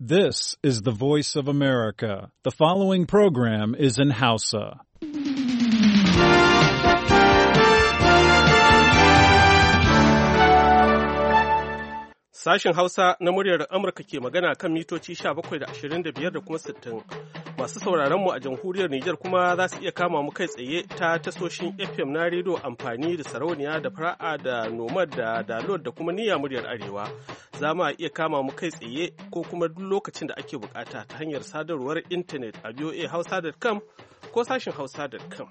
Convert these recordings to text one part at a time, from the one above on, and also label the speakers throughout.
Speaker 1: This is the voice of America. The following program is in
Speaker 2: Hausa. Sashen Hausa na muryar Amurka ke magana kan mitoci 17 da 25 da kuma 60. Masu sauraron mu a jamhuriyar Nijar kuma za su iya kama mu kai tsaye ta tasoshin FM na rediyo amfani da sarauniya da fara'a da nomad da dalot da kuma niyya muryar arewa. Za mu iya kama mu kai tsaye ko kuma duk lokacin da ake bukata ta hanyar sadarwar intanet a voahausa.com ko sashin hausa.com.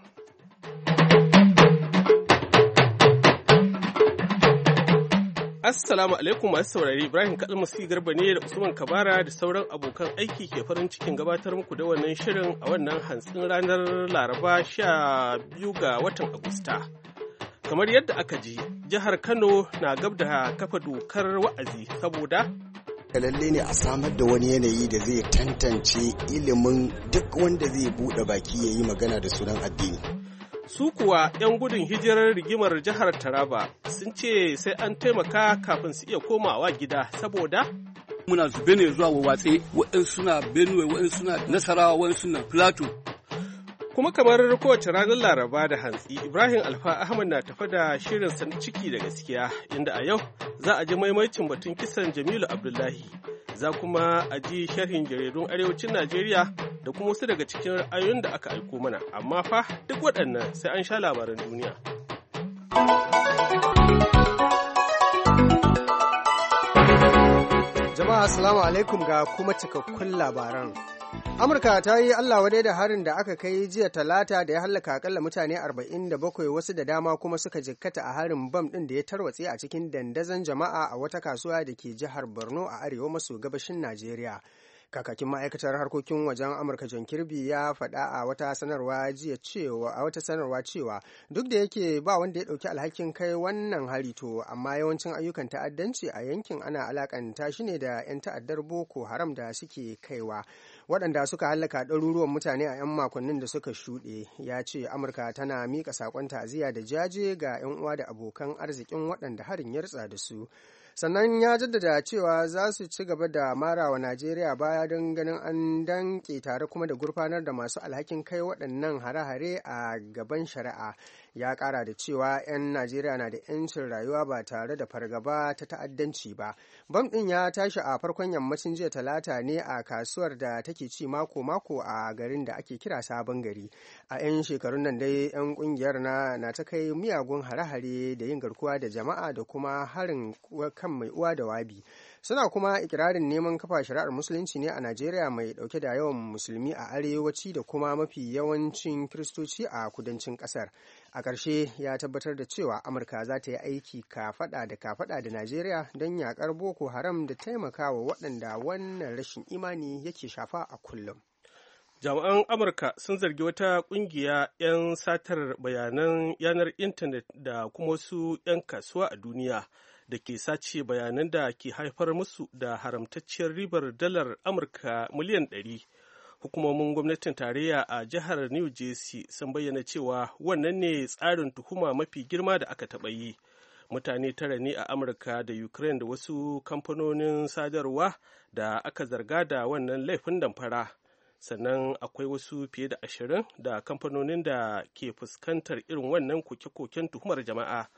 Speaker 2: Assalamu alaikum masu saurari Ibrahim Kalmasi Garba ne da Usman Kabara da sauran abokan aiki ke farin cikin gabatar muku da wannan shirin a wannan hantsin ranar Laraba sha biyu ga watan Agusta. Kamar yadda aka ji, jihar Kano na gab da kafa dokar wa'azi saboda lalle ne a
Speaker 3: samar da wani yanayi da zai tantance ilimin duk wanda zai buɗe baki ya yi magana da sunan addini.
Speaker 2: Su kuwa 'yan gudun hijirar rigimar jihar Taraba sun ce sai an taimaka kafin su iya komawa gida saboda muna zube ne zuwa wawatse waɗansu suna benue waɗansu suna nasarawa waɗansu suna plato kuma kamar kowace ranar laraba da hantsi ibrahim alfa ahmad na tafa da shirin san ciki da gaskiya inda a yau za a ji maimaicin batun kisan jamilu abdullahi za kuma a ji sharhin jaridun arewacin Najeriya da kuma wasu daga cikin ra'ayoyin da aka aiko mana, amma fa duk waɗannan sai an sha labaran duniya.
Speaker 3: Jama'a Assalamu alaikum ga kuma cikakkun labaran. Amurka ta yi Allah wadai da harin da aka kai jiya talata da ya hallaka akalla mutane 47 wasu da dama kuma suka jikkata a harin bam din da ya tarwatse a cikin dandazon jama'a a wata kasuwa da ke jihar Borno a arewa maso gabashin Najeriya. Kakakin ma'aikatar harkokin wajen Amurka John Kirby ya faɗa a wata sanarwa jiya cewa a wata sanarwa cewa duk da yake ba wanda ya ɗauki alhakin kai wannan hari to amma yawancin ayyukan ta'addanci a yankin ana alakanta shi ne da 'yan ta'addar Boko Haram da suke kaiwa. waɗanda suka hallaka ɗaruruwan mutane a 'yan makonnin da suka shuɗe ya ce amurka tana miƙa saƙon ta'aziyya da jaje ga 'yan uwa da abokan arzikin waɗanda harin ya ritsa da su sannan ya jaddada cewa za su ci gaba da marawa najeriya baya don ganin an danke tare kuma da gurfanar da masu alhakin kai waɗannan hare-hare a gaban shari'a ya kara da cewa 'yan najeriya na da 'yancin rayuwa ba tare da fargaba ta ta'addanci ba bam ɗin ya tashi a farkon yammacin jiya talata ne a kasuwar da take ci mako-mako a garin da ake kira sabon gari a 'yan shekarun nan dai 'yan ƙungiyar na na ta kai miyagun hare-hare da yin garkuwa da jama'a da kuma harin kan mai uwa da wabi suna kuma ikirarin neman kafa shari'ar musulunci ne a najeriya mai dauke da yawan musulmi a arewaci da kuma mafi yawancin kiristoci a kudancin kasar a ƙarshe ya tabbatar da cewa amurka za ta yi aiki kafaɗa da kafaɗa da najeriya don yaƙar boko haram da taimakawa waɗanda wannan rashin imani yake shafa a kullum
Speaker 2: jami'an amurka sun zargi wata ƙungiya 'yan satar bayanan yanar intanet da kuma wasu 'yan kasuwa a duniya da ke sace bayanan da ke haifar musu da haramtacciyar ribar dalar amurka miliyan 100 hukumomin gwamnatin tarayya a jihar new jersey sun bayyana cewa wannan ne tsarin tuhuma mafi girma da aka taɓa yi mutane tara ne a amurka da ukraine da wasu kamfanonin sadarwa da aka zarga da wannan laifin damfara sannan akwai wasu fiye da ashirin da kamfanonin da ke fuskantar irin wannan koke-koken tuhumar jama'a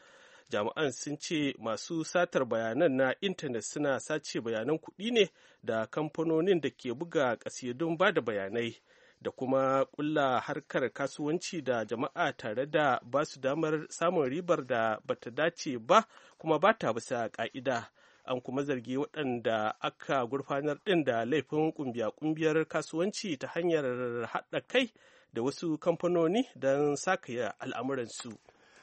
Speaker 2: jami'an sun ce masu satar bayanan na intanet suna sace bayanan kuɗi ne da kamfanonin da ke buga ƙasidun ba da bayanai da kuma ƙulla harkar kasuwanci da jama'a tare da ba su damar samun ribar da bata dace ba kuma ba ta bisa ƙa'ida an kuma zargi waɗanda aka gurfanar ɗin da laifin ƙungiya-ƙungiyar kasuwanci ta hanyar haɗa kai da wasu kamfanoni don sakaya al'amuransu.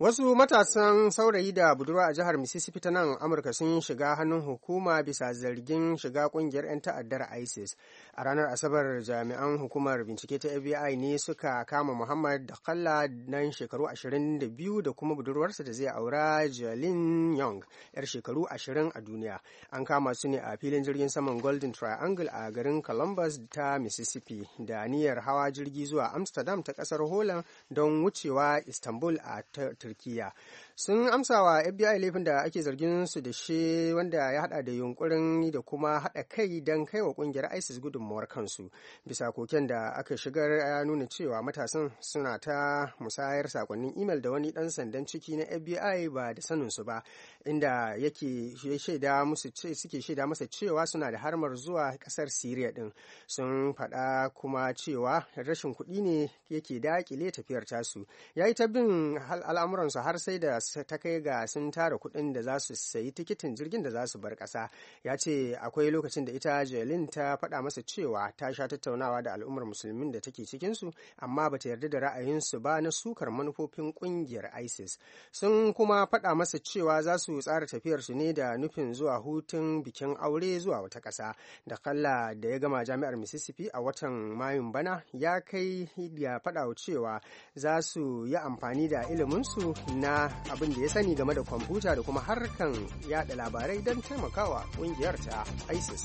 Speaker 3: Wasu matasan saurayi da budurwa a jihar Mississippi ta nan Amurka sun shiga hannun hukuma bisa zargin shiga kungiyar 'yan ta'addar ISIS. A ranar Asabar jami'an hukumar bincike ta FBI ne suka kama Muhammad da Kalla nan shekaru 22 da kuma budurwarsa da zai aura Jalin Young, 'yar shekaru 20 a duniya. An kama su ne a filin jirgin saman Golden Triangle a garin Columbus ta Mississippi da niyyar hawa jirgi zuwa Amsterdam ta kasar Holland don wucewa Istanbul a turkiya sun amsa wa fbi laifin da ake zargin su da shi wanda ya hada da yunkurin da kuma hada kai don kai wa kungiyar isis gudunmawar kansu bisa koken da aka shigar ya nuna cewa matasan suna ta musayar sakonnin imel da wani dan sandan ciki na fbi ba da sanin su ba inda yake shaida musu suke shaida masa cewa suna da harmar zuwa kasar syria din sun faɗa kuma cewa rashin kuɗi ne yake dakile tafiyar tasu ya yi ta bin al'amuran al'amuransu har sai da ta kai ga sun tara kuɗin da za su sayi tikitin jirgin da za su bar ƙasa ya ce akwai lokacin da ita jelin ta faɗa masa cewa ta sha tattaunawa da al'ummar musulmin da take cikinsu amma ba ta yarda da su ba na sukar manufofin ƙungiyar isis sun kuma faɗa masa cewa za su tsara su ne da nufin zuwa hutun bikin aure zuwa wata ƙasa da kalla da ya gama jami'ar mississippi a watan mayun bana ya kai ya faɗa cewa za su yi amfani da iliminsu na abin da ya sani game da kwamfuta da kuma harkan yada labarai don taimakawa kungiyar ta ISIS.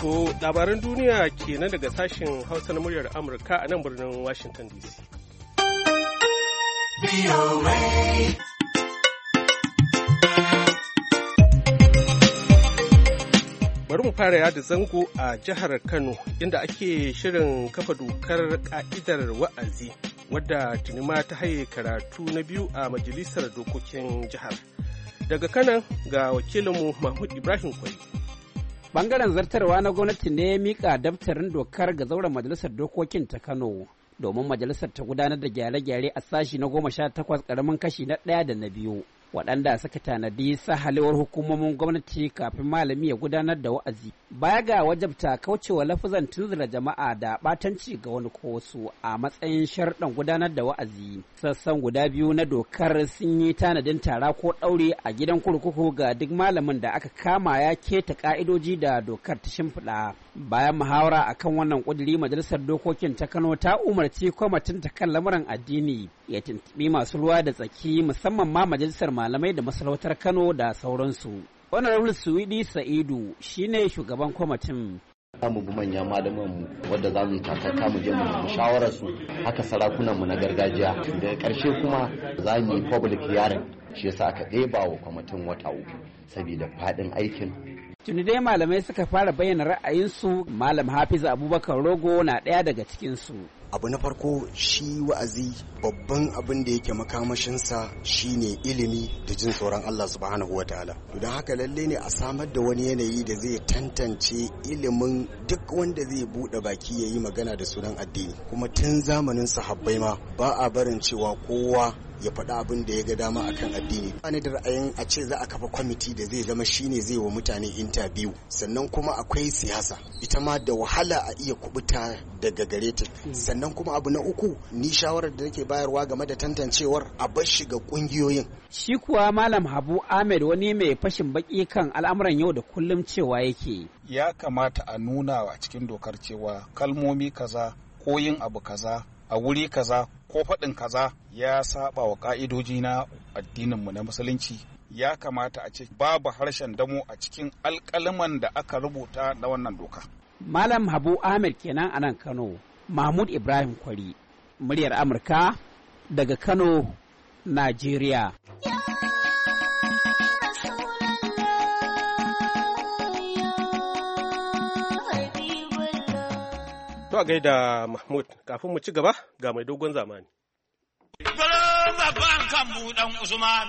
Speaker 2: To labaran duniya kenan daga sashen Hausa na muryar Amurka a nan birnin Washington DC. bari mu fara yada zango a jihar kano inda ake shirin kafa dokar ka'idar wa'azi wadda tunima ta haye karatu na biyu a majalisar dokokin jihar daga kanan ga wakilinmu mahmud ibrahim kwari
Speaker 4: bangaren zartarwa na gwamnati ne ya mika daftarin dokar ga zauren majalisar dokokin ta kano domin majalisar ta gudanar da gyare-gyare a sashi na goma sha takwas ƙaramin kashi na ɗaya da na biyu waɗanda suka tanadi sahalewar hukumomin gwamnati kafin malami ya gudanar da wa'azi baya ga wajabta kaucewa lafazan tunzura jama'a da ɓatanci ga wani ko wasu a matsayin sharɗan gudanar da wa'azi sassan guda biyu na dokar sun yi tanadin tara ko ɗaure a gidan kurkuku ga duk malamin da aka kama ya keta ƙa'idoji da dokar ta shimfiɗa bayan muhawara akan wannan ƙudiri, majalisar dokokin ta kano ta umarci kwamatin ta kan lamuran addini ya tuntuɓi masu ruwa da tsaki musamman ma majalisar malamai da masarautar Kano da sauransu. Honorable Suwidi Sa'idu shine shugaban kwamitin. mu bi manya malaman wadda za mu yi mu je mu nemi shawarar su haka sarakunan mu na gargajiya daga karshe
Speaker 5: kuma za mu yi public hearing shi yasa aka ɗeba wa kwamitin wata uku saboda faɗin aikin
Speaker 4: tuni dai malamai suka fara bayyana ra'ayinsu malam hafiz abubakar rogo na ɗaya daga cikinsu abu na farko shi wa'azi babban abin da
Speaker 3: yake makamashinsa shine ilimi da jin sauran Allah subhanahu wa ta'ala don haka lalle ne a samar da wani yanayi da zai tantance ilimin duk wanda zai buɗe baki ya yi magana da sunan addini kuma tun zamanin sahabbai ma ba a barin cewa kowa ya faɗa abin da ya ga dama akan addini ba da ra'ayin a ce za a kafa kwamiti da zai zama shine zai wa mutane intabiyu sannan kuma akwai siyasa ita ma da wahala a iya
Speaker 4: kubuta daga gare ta sannan kuma abu na uku ni shawarar da nake bayarwa game da tantancewar a bar shi ga kungiyoyin shi kuwa malam habu ahmed wani mai fashin baki kan al'amuran yau da kullum cewa yake
Speaker 1: ya kamata a nuna a cikin dokar cewa kalmomi kaza ko yin abu kaza a wuri kaza ko faɗin kaza ya saba wa ƙa'idoji na addininmu na musulunci ya kamata a ce babu harshen damo a cikin alƙaliman da aka rubuta na wannan doka.
Speaker 4: Malam Habu Ahmed kenan a nan Kano, Mahmud Ibrahim Kwari, muryar Amurka daga Kano, Najeriya.
Speaker 2: gai da Mahmud kafin mu ci gaba ga mai dogon zamani.
Speaker 4: Gwaro
Speaker 1: babban kan buɗan Usman.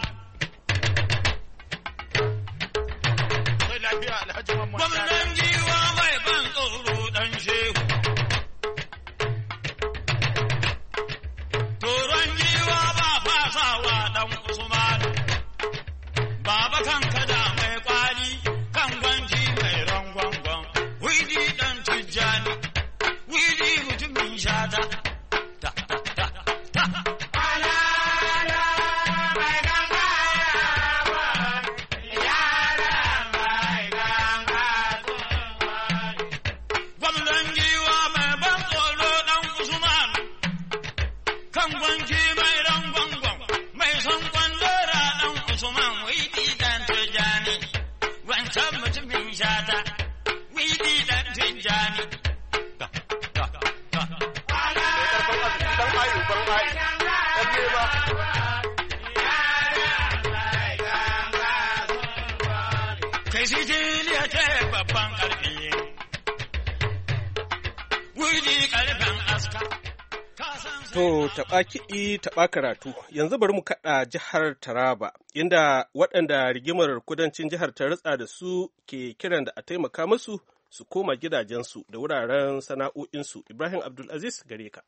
Speaker 1: Gwamnan giwa mai ban tsoro ɗan shehu. Toron giwa ba
Speaker 4: fasawa ɗan Usman. Baba
Speaker 2: taɓa kiɗi taɓa karatu yanzu bari mu kaɗa jihar Taraba inda waɗanda rigimar kudancin jihar ta ritsa da su ke kiran da a taimaka musu su koma gidajensu da wuraren sana'o'insu
Speaker 6: Ibrahim Abdulaziz gare ka.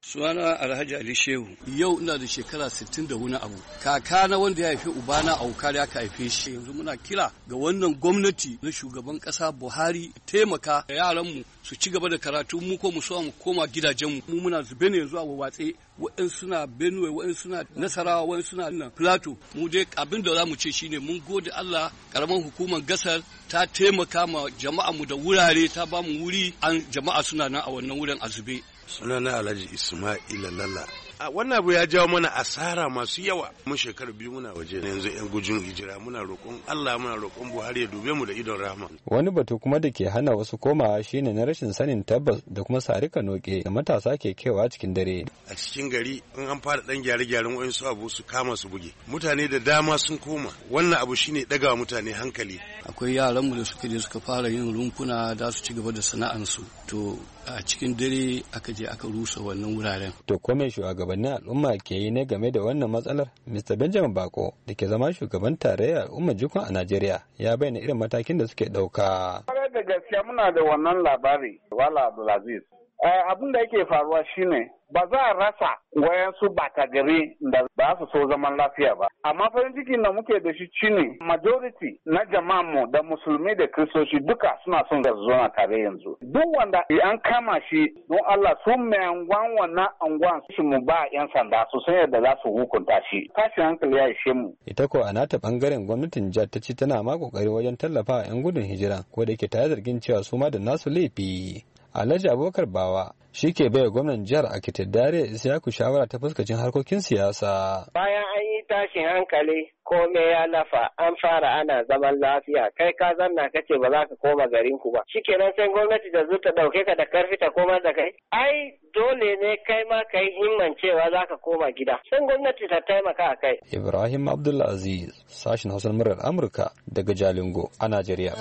Speaker 6: Suwana Alhaji Ali Shehu. Yau ina da shekara sittin da wani abu. Kaka na wanda ya haifi ubana wukar ya ka haife shi. Yanzu muna kira ga wannan gwamnati na shugaban kasa Buhari taimaka da yaranmu su ci gaba da karatu mu ko mu mu koma gidajenmu. Mu muna zube ne yanzu a wawatse wa'in suna Benue wa'in suna Nasarawa wa'in suna nan plato Mu dai abin da za mu ce shine mun gode Allah karamar hukumar gasar ta taimaka ma jama'a mu da wurare ta ba mu wuri an jama'a suna nan a wannan wurin a zube.
Speaker 1: sunana alhaji ismaila lala
Speaker 6: a wannan abu ya jawo mana asara
Speaker 1: masu yawa mu shekaru biyu muna waje na yanzu yan gujin hijira muna roƙon Allah muna roƙon Buhari ya dube mu da idon rahama
Speaker 6: wani batu kuma da ke hana wasu komawa shine na rashin sanin tabbas da kuma sarika noke da matasa ke kewa cikin dare a
Speaker 1: cikin gari in an fara dan gyare gyaren su abu su kama su buge mutane da dama sun koma wannan abu shine daga mutane hankali
Speaker 6: akwai yaran mu da suka je suka fara yin rumfuna za su ci gaba da sana'ansu to a cikin dare aka je aka rusa wannan wuraren. To kome shugabannin al'umma ke yi ne game da wannan matsalar? Mr. Benjamin Bako da ke zama shugaban tarayyar al'ummar jikon a Najeriya ya bayyana irin matakin da suke ɗauka.
Speaker 2: Kwarai da gaskiya muna da wannan labari, Wala Abdulaziz. Eh, abin da yake faruwa shine ba za a rasa wayansu bata gari da ba su so
Speaker 1: zaman lafiya ba
Speaker 2: amma farin ciki da muke da shi shine majority na mu da musulmi da kristoci duka suna son da zuwa tare yanzu duk wanda an kama shi don Allah su mai angwan wannan angwan su mu ba yan sanda su san yadda za su
Speaker 5: hukunta shi tashin hankali ya ishe mu
Speaker 6: ita ko a nata bangaren gwamnatin jihar ta ce tana ma kokari wajen tallafa yan gudun hijira ko da yake ta zargin cewa su ma da nasu laifi Alhaji Abubakar Bawa shi ke bai gwamnan jihar Akite Dare Isiyaku shawara ta fuskacin harkokin siyasa.
Speaker 5: Bayan an yi tashin hankali kome ya lafa an fara ana zaman lafiya kai ka zanna kace ba za ka koma garin ku ba Shi kenan sai gwamnati da zo ta dauke ka da karfi ta koma da kai ai dole ne kai ma ka yi himman cewa za ka koma gida sai gwamnati
Speaker 6: ta taimaka a kai. Ibrahim Abdulaziz sashin Hausa murar Amurka daga Jalingo a Najeriya.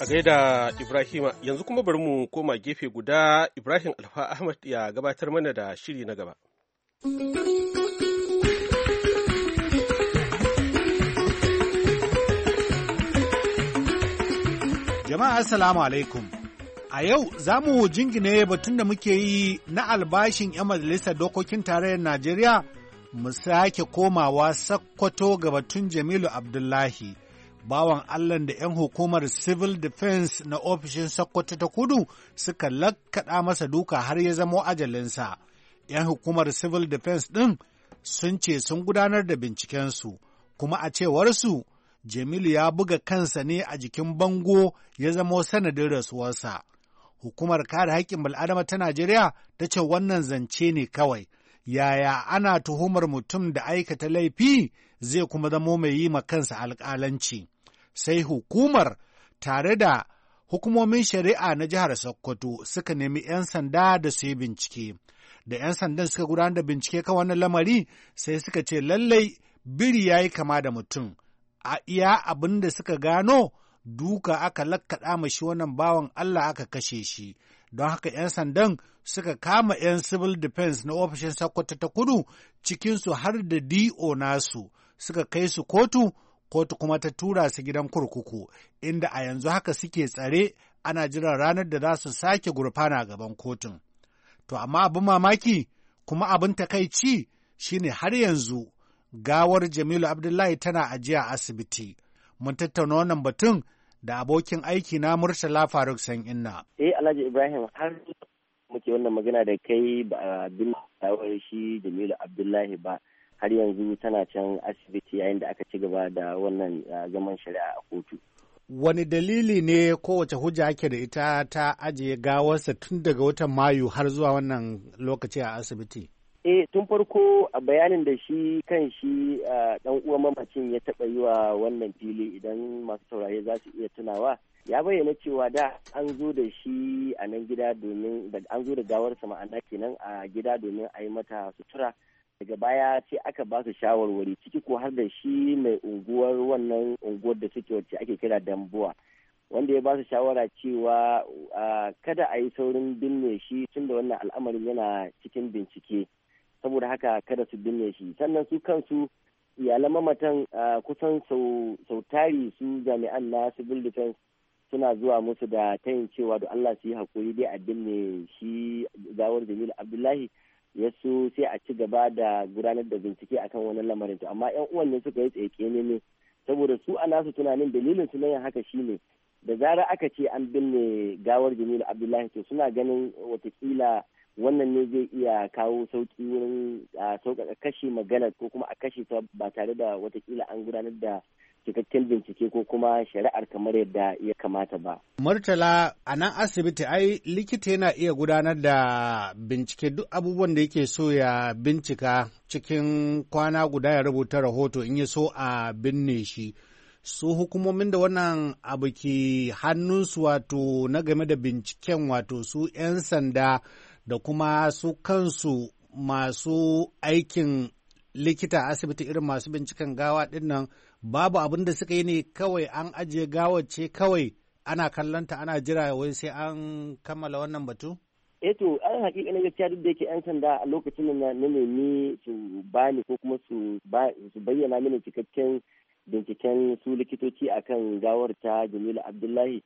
Speaker 2: A gaida Ibrahima yanzu kuma bari mu koma gefe guda Ibrahim Alfa Ahmad ya gabatar mana da shiri na gaba.
Speaker 1: Jama'a Assalamu alaikum. A yau za mu jingine batun da muke yi na albashin 'yan majalisar dokokin tarayyar Najeriya mu sake komawa sakkwato ga batun Jamilu Abdullahi, bawan allah da 'yan hukumar Civil Defense na ofishin sakkwato ta kudu suka lakkaɗa masa duka har ya zamo ajalinsa. 'Yan hukumar Civil Defense ɗin sun ce sun gudanar da bincikensu, kuma a cewarsu Jamilu ya buga kansa ne a jikin bango ya zamo sanadin rasuwarsa. Hukumar kare haƙƙin bal'adama ta Najeriya ta ce wannan zance ne kawai. yaya ana tuhumar mutum da aikata laifi zai kuma zamo mai yi ma kansa alƙalanci. Sai hukumar tare da hukumomin shari'a na jihar Sokoto suka nemi 'yan sanda da su yi bincike. Da 'yan sandan suka gudanar da bincike kan wannan lamari sai suka ce lallai biri ya yi kama da mutum. A iya abin da suka gano duka aka lakkaɗa mashi wannan bawan Allah aka kashe shi. don haka 'yan sandan suka kama 'yan civil defense na ofishin sakkwato ta kudu cikinsu har da do nasu suka kai su kotu kotu kuma ta tura su gidan kurkuku inda a yanzu haka suke tsare ana jiran ranar da za su sake gurfana gaban kotun to amma abin mamaki kuma abin takaici shine har yanzu gawar jamilu abdullahi tana ajiya asibiti mun tattauna wannan batun da abokin aiki na Murtala Faruk San Inna.
Speaker 5: Eh Alhaji Ibrahim har muke wannan magana da kai ba bin shi Jamilu Abdullahi ba har yanzu tana can asibiti yayin da aka ci gaba da wannan zaman shari'a a kotu.
Speaker 1: Wani dalili ne kowace hujja ake da ita ta ajiye gawarsa tun daga watan Mayu har zuwa wannan lokaci a asibiti?
Speaker 5: eh tun farko a bayanin da shi kan shi dan uwan mamacin ya taɓa yi wa wannan fili idan masu saurari za su iya tunawa ya bayyana cewa da an zo da shi a nan gida domin an zo da gawarsa ma'ana kenan a gida domin a yi mata sutura daga baya sai aka ba su shawarwari ciki ko har da shi mai unguwar wannan unguwar da suke wacce ake kira dambuwa wanda ya ba su shawara cewa kada a yi saurin binne shi tunda wannan al'amarin yana cikin bincike saboda haka kada su binne shi sannan su kansu iyalan mamatan kusan sau tari su jami'an na civil defense suna zuwa musu da tayin cewa da Allah su yi hakuri dai a binne shi gawar Jamilu Abdullahi ya su sai a ci gaba da gudanar da bincike akan wani lamarin to amma yan uwan ne suka yi tsaye ne ne saboda su a nasu tunanin dalilin su na yin haka shine da zarar aka ce an binne gawar Jamilu Abdullahi to suna ganin watakila wannan ne zai iya kawo sauki wurin a sauƙaƙa kashe magana ko kuma a kashe ta ba tare da watakila an gudanar da cikakken bincike ko kuma shari'ar kamar yadda ya kamata ba.
Speaker 1: Murtala a nan asibiti ai likita yana iya gudanar da bincike duk abubuwan da yake so ya bincika cikin kwana guda ya rubuta rahoto in ya so a binne shi. Su hukumomin da wannan abu ke hannunsu wato na game da binciken wato su 'yan sanda da kuma su kansu masu aikin likita asibiti irin masu binciken gawa dinnan babu abin da suka yi ne kawai an ajiye gawar ce kawai ana kallonta ana jira wai sai an kammala wannan batu?
Speaker 5: eh to an hakika na gaskiya duk da yake yan sanda a lokacin da na nemi su bani ko kuma su bayyana mini cikakken binciken su likitoci akan gawar ta Jamilu Abdullahi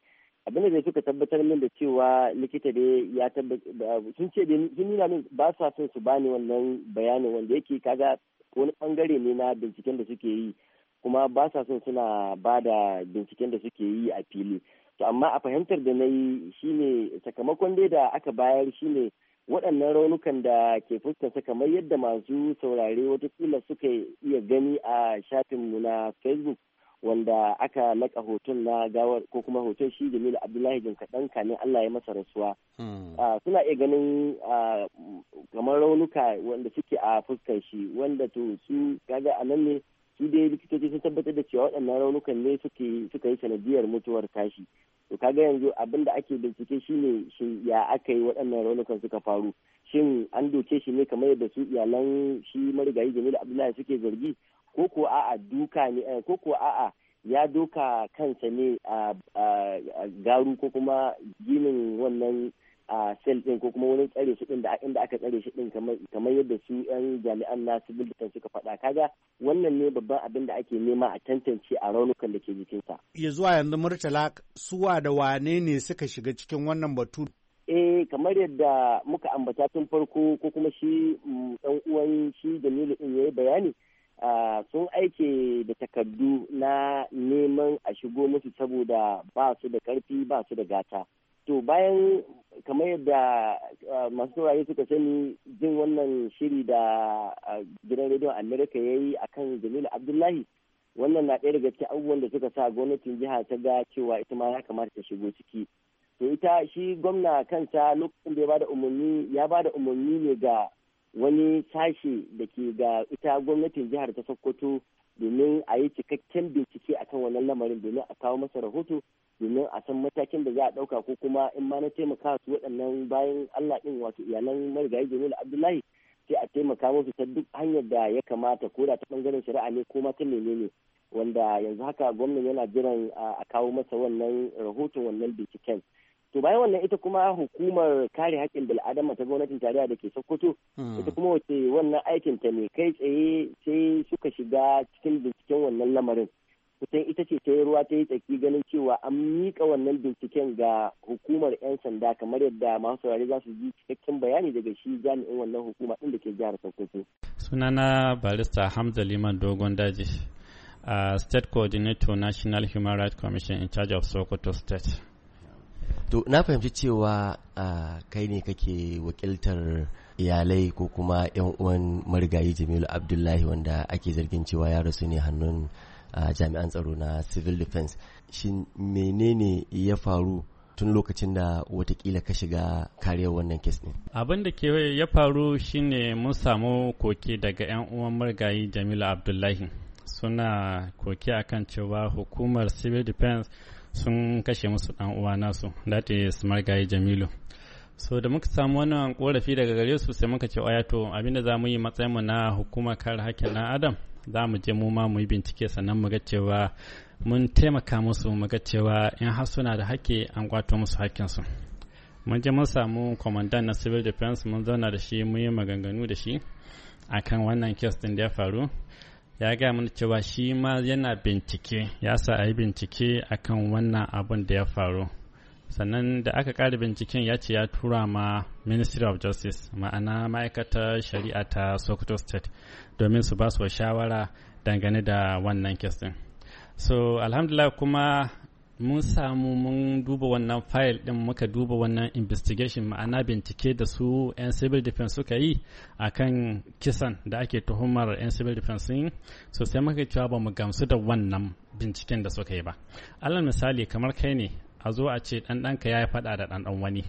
Speaker 5: abin da suka tabbatar min da cewa likita ne ya tabbatar sun ce min ba sa son su bani wannan bayanin wanda yake kaga wani bangare ne na binciken da suke yi kuma ba sa son suna ba da binciken da suke yi a fili to amma a fahimtar da na yi shine sakamakon dai da aka bayar shine waɗannan raunukan da ke fuskanta kamar yadda masu saurare watakila suka iya gani a shafinmu na facebook wanda aka laka hoton na gawar ko kuma hoton shi jamilu abdullahi jin kaɗan ne allah ya masa rasuwa suna hmm. ah, iya ganin ah, kamar raunuka wanda suke a fuskar shi wanda to su kaga a nan ne su dai likitoci sun tabbatar da cewa waɗannan raunukan ne suka yi sanadiyar mutuwar tashi to kaga yanzu abin da ake bincike ne shin ya aka yi waɗannan raunukan suka faru shin an doke shi ne kamar yadda su iyalan shi marigayi jamilu abdullahi suke zargi ko ko a'a duka ne eh, ko ko a'a ya doka kansa ne a garu ko kuma ginin wannan a sel din ko kuma wani tsare shi din da inda aka tsare shi din kamar yadda su yan jami'an na civil defense suka faɗa kaga wannan ne babban abin da ake nema a tantance a raunukan da ke jikinsa
Speaker 1: ya zuwa yanzu murtala suwa da wane ne suka shiga cikin wannan batu
Speaker 5: eh kamar yadda muka ambata tun farko ko kuma shi dan mm, uwan shi Jamilu din yayi bayani sun aike da takardu na neman a shigo musu saboda ba su da karfi ba su da gata to bayan kamar yadda masu saurari suka sani jin wannan shiri da gidan rediyon amerika ya yi a kan jamilu abdullahi wannan na ɗaya daga cikin abubuwan da suka sa gwamnatin jiha ta ga cewa ita ma ya kamata ta shigo ciki to ita shi gwamna kansa lokacin da ya ba umarni bada umarni ne ga wani sashe da ke ga ita gwamnatin jihar ta sokoto domin a yi cikakken bincike a kan wannan lamarin domin a kawo masa rahoto domin a san matakin da za a ɗauka ko kuma in ma na taimaka su waɗannan bayan allah ɗin wato iyalan marigayi jamil abdullahi sai a taimaka musu ta duk hanyar da ya kamata ko da ta ɓangaren shari'a ne ko ma ta menene wanda yanzu haka gwamnan yana jiran a kawo masa wannan rahoton wannan binciken to bayan wannan ita kuma hukumar kare haƙƙin bil'adama ta gwamnatin tarayya da ke sokoto hmm. ita kuma wace wannan aikin ta ne kai tsaye sai suka shiga cikin binciken wannan lamarin kusan ita ce ta yi ruwa ta yi tsaki ganin cewa an miƙa wannan binciken ga hukumar 'yan sanda kamar yadda masu saurari za su ji cikakken bayani daga shi jami'in wannan hukuma ɗin da ke jihar sokoto
Speaker 7: sunana barista hamza liman dogon daji a state coordinator national human rights commission in charge of sokoto state to na fahimci cewa kai ne
Speaker 5: kake wakiltar iyalai ko kuma yan uwan marigayi jamilu abdullahi wanda ake zargin cewa ya rasu ne hannun jami'an tsaro na civil defense shin menene ya faru tun lokacin da watakila ka shiga kariyar wannan kes ne.
Speaker 7: Abin da ke ya faru shine mun samu koke daga 'yan uwan marigayi Jamilu Abdullahi suna koke akan cewa hukumar civil defense sun kashe musu dan uwa nasu that is guy jamilu so da muka samu wannan korafi daga gare su sai muka ce oya to abinda za mu yi matsayinmu na hukumar kare hakkin dan adam za mu je mu ma mu yi bincike sannan mu ga cewa mun taimaka musu mu ga cewa in har suna da haƙƙi an kwato musu haƙƙinsu mun je mun samu kwamandan na civil defense mun zauna da shi mun yi maganganu da shi akan wannan kes din da ya faru ya gaya mana cewa shi ma yana bincike ya sa a yi bincike a kan wannan abun da ya faru sannan da aka ƙara binciken ya ce ya tura ma ministry of justice ma'ana ma'aikatar shari'a ta sokoto state domin su ba su shawara dangane da wannan kes so alhamdulillah kuma mun samu mun duba wannan fayil din muka duba wannan investigation ma'ana bincike da su 'yan civil defense suka yi a kan kisan da ake tuhumar 'yan civil defense yin so sai muka cewa ba mu gamsu da wannan binciken da suka yi ba alal misali kamar kai ne a zo a ce ɗanɗanka ya faɗa da ɗanɗan wani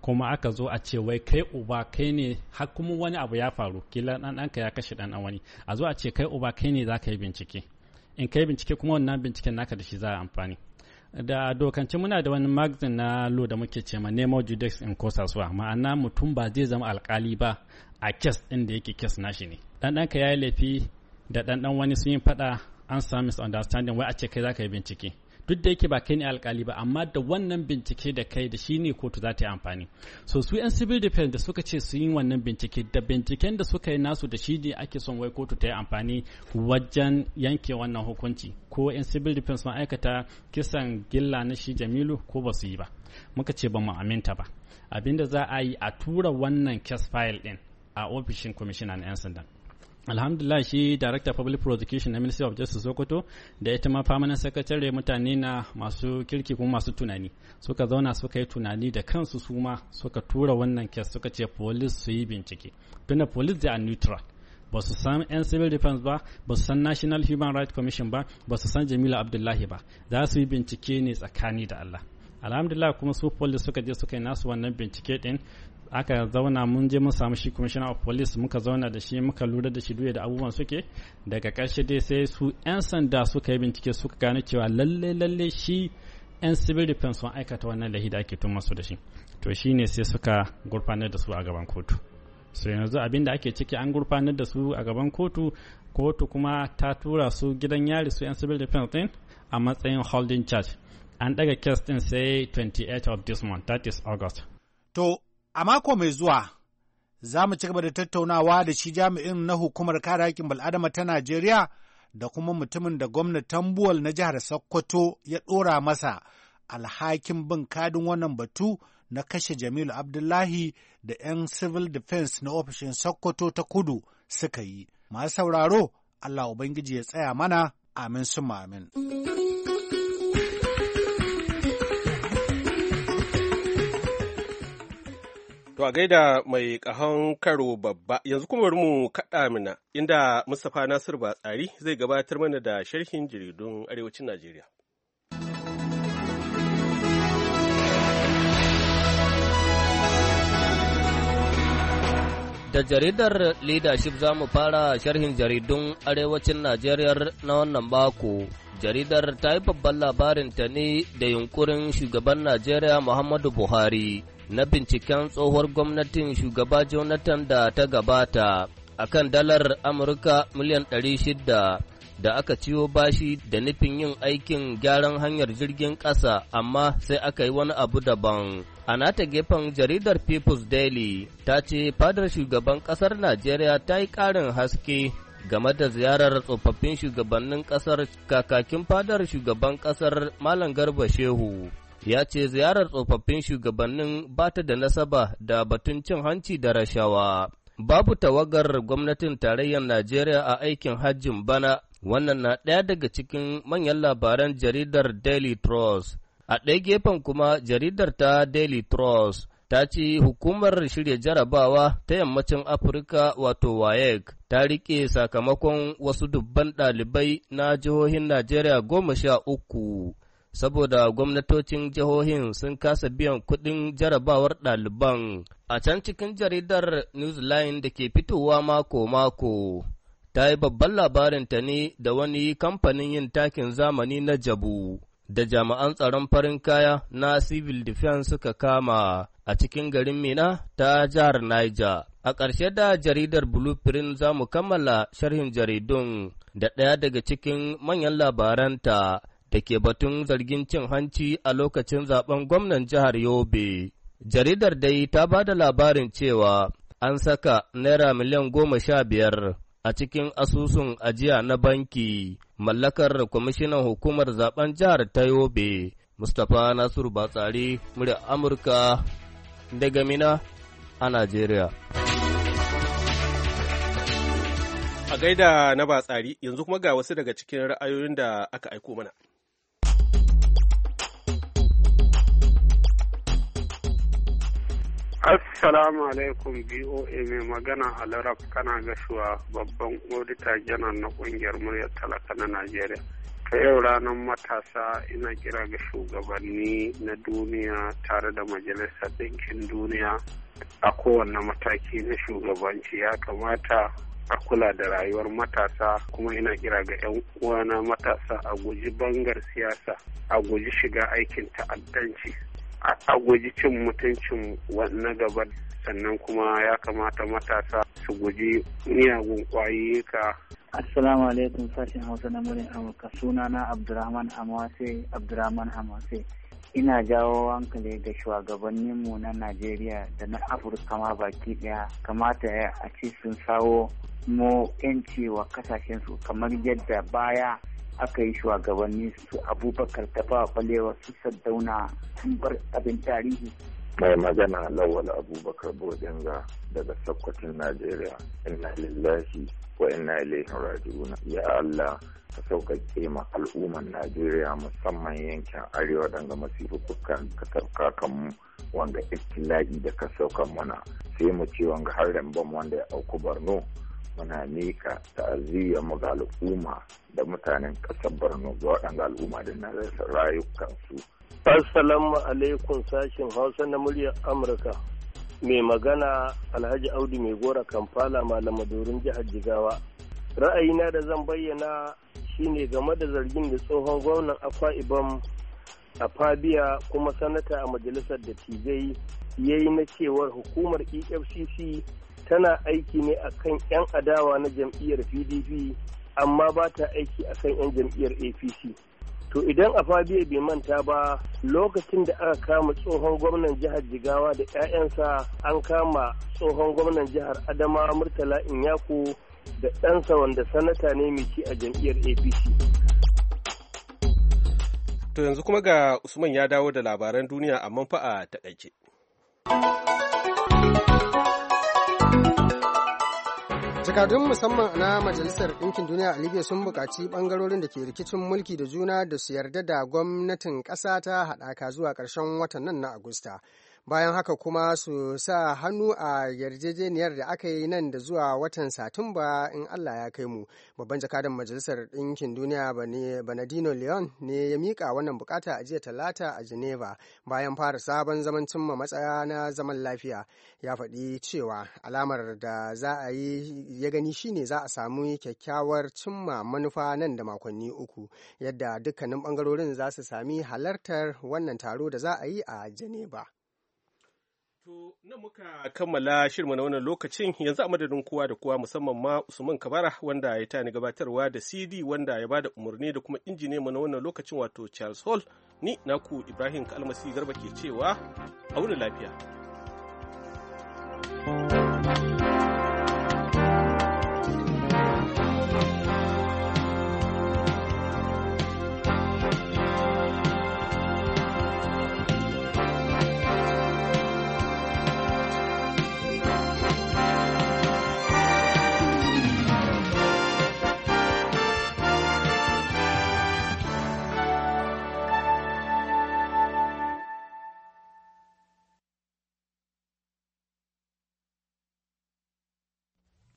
Speaker 7: kuma aka zo a ce wai kai uba kai ne har kuma wani abu ya faru kila ɗanɗanka ya kashe ɗanɗan wani a zo a ce kai uba kai ne za ka yi bincike in kai bincike kuma wannan binciken naka da shi za a amfani da dokance muna da wani magazin na lo da muke ce ma nemo judex in kosaswa ma'ana mutum ba zai zama alkali ba a kes ɗin da yake kes nashi ne dan ka ya yi laifi da dan wani sun yi faɗa an samu misunderstanding wai a ce kai zaka yi bincike duk da yake ba kai ne alkali ba amma da wannan bincike da kai da shi ne kotu za ta yi amfani so su yan civil defense da suka ce su yi wannan bincike da binciken da suka yi nasu da shi ne ake son wai kotu ta yi amfani wajen yanke wannan hukunci ko yan civil defense ma'aikata kisan gilla na shi jamilu ko ba su yi ba muka ce ba mu aminta ba abinda za a yi a tura wannan case file din a ofishin na 'yan sandan alhamdulillah shi director public prosecution na ministry of justice sokoto da ita ma permanent secretary mutane na masu kirki kuma masu tunani suka zauna suka yi tunani da kansu su ma suka tura wannan kes suka ce police su yi bincike tunda police they are neutral ba su san 'yan civil defense ba ba su san national human rights commission ba ba su san jamila abdullahi ba za su yi bincike ne tsakani da allah alhamdulillah kuma su police suka je suka yi nasu wannan bincike din aka zauna mun je mun samu shi commissioner of police muka zauna da shi muka lura da shi duya da abubuwan suke daga karshe dai sai su 'yan sanda suka yi bincike suka gane cewa lalle lalle shi 'yan civil defense sun aikata wannan lahida ake tun masu da shi to shi ne sai suka gurfanar da su a gaban kotu su yanzu abin da ake ciki an gurfanar da su a gaban kotu kotu kuma ta tura su gidan yari su 'yan civil defense din a matsayin holding charge an daga kes din sai 28 of this month that is august to A mako mai
Speaker 1: zuwa, za mu ci gaba da tattaunawa da shi jami'in na hukumar kare haƙƙin bal'adama ta Najeriya da kuma mutumin da gwamnatin Buwal na jihar Sokoto ya ɗora masa alhakin bin kadin wannan batu na kashe Jamilu Abdullahi da 'yan Civil Defense na ofishin Sokoto ta kudu suka yi. Masu sauraro, Allah Ubangiji ya tsaya mana, amin su amin.
Speaker 2: To a gaida mai ƙahon karo babba yanzu kuma bari mu kaɗa mina inda Mustapha Nasiru Batsari zai gabatar mana da sharhin jaridun Arewacin Najeriya.
Speaker 8: Da jaridar leadership za mu fara sharhin jaridun Arewacin Najeriya na wannan mako. Jaridar ta yi babban labarin ta ne da yunkurin shugaban Najeriya Muhammadu Buhari na binciken tsohuwar gwamnatin shugaba Jonathan da ta gabata a kan dalar Amurka miliyan 600 da aka ciyo bashi da nufin yin aikin gyaran hanyar jirgin ƙasa amma sai aka yi wani abu daban. A nata gefen jaridar People's Daily ta ce fadar shugaban ƙasar Najeriya ta yi ƙarin haske game da ziyarar tsofaffin shugabannin ƙasar kakakin fadar shugaban ƙasar Malam Garba Shehu. ya ce ziyarar tsofaffin shugabannin ba ta da nasaba da batun cin hanci da rashawa. Babu tawagar gwamnatin tarayyar Najeriya a aikin hajjin bana, wannan na ɗaya daga cikin manyan labaran jaridar Daily Trust. A ɗaya gefen kuma jaridar ta Daily Trust ta ce hukumar shirya jarabawa ta yammacin Afirka wato WAEC ta riƙe sakamakon wasu dubban ɗalibai na jihohin Najeriya goma sha uku. saboda gwamnatocin jihohin sun kasa biyan kuɗin jarabawar ɗaliban. A can cikin jaridar Newsline da ke fitowa mako-mako, ta yi babban labarin ta ne da wani kamfanin yin takin zamani na jabu. Da jami'an tsaron farin kaya na civil defense suka kama a cikin garin Mina ta jihar Niger. A ƙarshe da jaridar Blueprint za mu kammala sharhin jaridun da ɗaya daga cikin manyan labaranta da ke batun zargin cin hanci a lokacin zaben gwamnan jihar Yobe. Jaridar dai ta ba da labarin cewa an saka Naira miliyan goma sha biyar a cikin asusun ajiya na banki mallakar kwamishinan hukumar zaben jihar ta Yobe, Mustapha Nasiru Batsari, murya Amurka daga Mina a
Speaker 2: Najeriya. A gaida na Batsari, yanzu kuma ga wasu daga cikin ra'ayoyin da aka aiko mana. Assalamu alaikum BOA mai magana a Larab kana gasuwa babban odita janar na kungiyar muryar talaka na Najeriya. Ta yau ranar matasa ina kira ga shugabanni na duniya tare da majalisar ɗinkin duniya a kowane mataki na shugabanci ya kamata a kula da rayuwar matasa kuma ina kira ga 'yan uwana matasa a guji bangar siyasa a guji shiga aikin ta'addanci a guji cin mutuncin na gaba sannan kuma ya kamata matasa su guji miyagun kwayoyika
Speaker 5: Assalamu alaikum sashen Hausa na murin Amurka suna na Abdurrahman Hamase Abdurrahman Hamase ina jawo hankali ga shugabanninmu na Najeriya da na Afirka ma baki daya kamata a ci sun sawo mu yanci wa kasashensu kamar yadda baya aka yi shugabanni su abubakar ba kwalewa su sadauna sun bar abin tarihi
Speaker 7: mai magana
Speaker 5: lawal abubakar bodinga daga sokoton najeriya inna lillahi wa inna ilaihi raji'un ya allah ka sauƙaƙe ma al'umman najeriya musamman yankin arewa daga masifuffukan ka sauka kan mu wanda iftila'i da ka sauka mana sai mu ce wanga harin bam wanda ya auku barno. muna miƙa ta'aziyya mu ga al'umma da mutanen ƙasar Borno ga waɗanda al'umma da na rayukansu. Assalamu alaikum sashin Hausa na muryar Amurka. Mai magana Alhaji Audu Mai Gora Kamfala Malamadorin jihar Jigawa. Ra'ayina da zan bayyana shine game da zargin da tsohon gwamnan Akwa ibam a Fabia kuma sanata a majalisar dattijai ya yi na cewar hukumar EFCC tana aiki ne a kan 'yan adawa na jam'iyyar pdp amma ba ta aiki a kan 'yan jam'iyyar apc to idan a fabiya bai manta ba lokacin da aka kama tsohon gwamnan jihar jigawa da 'ya'yansa an kama tsohon gwamnan jihar adama murtala inyako da ɗansa wanda sanata ne
Speaker 2: mai ci a jam'iyyar apc to yanzu kuma ga usman ya dawo da labaran duniya amma fa ta ɗauke
Speaker 3: Jakadun musamman na Majalisar Ɗinkin Duniya a Libya sun buƙaci ɓangarorin da ke rikicin mulki da juna da su yarda da gwamnatin ƙasa ta haɗaka zuwa ƙarshen watan nan na Agusta. bayan haka kuma su sa hannu a yarjejeniyar da aka yi nan da zuwa watan satumba in allah ya kai mu babban jakadan majalisar ɗinkin duniya banadino leon ne ya miƙa wannan bukata a jiya talata a geneva bayan fara sabon zaman cimma matsaya na zaman lafiya ya faɗi cewa alamar da za a yi ya gani shine za a samu kyakkyawar cimma manufa nan da makonni uku yadda dukkanin bangarorin za su sami halartar wannan taro da za a yi a geneva
Speaker 2: To, nan muka kammala shirma na wannan lokacin yanzu a madadin kowa da kowa musamman ma Usman Kabara wanda ya tani gabatarwa da CD wanda ya bada umarni da kuma injine mu na wannan lokacin wato Charles Hall ni naku Ibrahim Kalmasi Garba ke cewa a wuni lafiya. thank you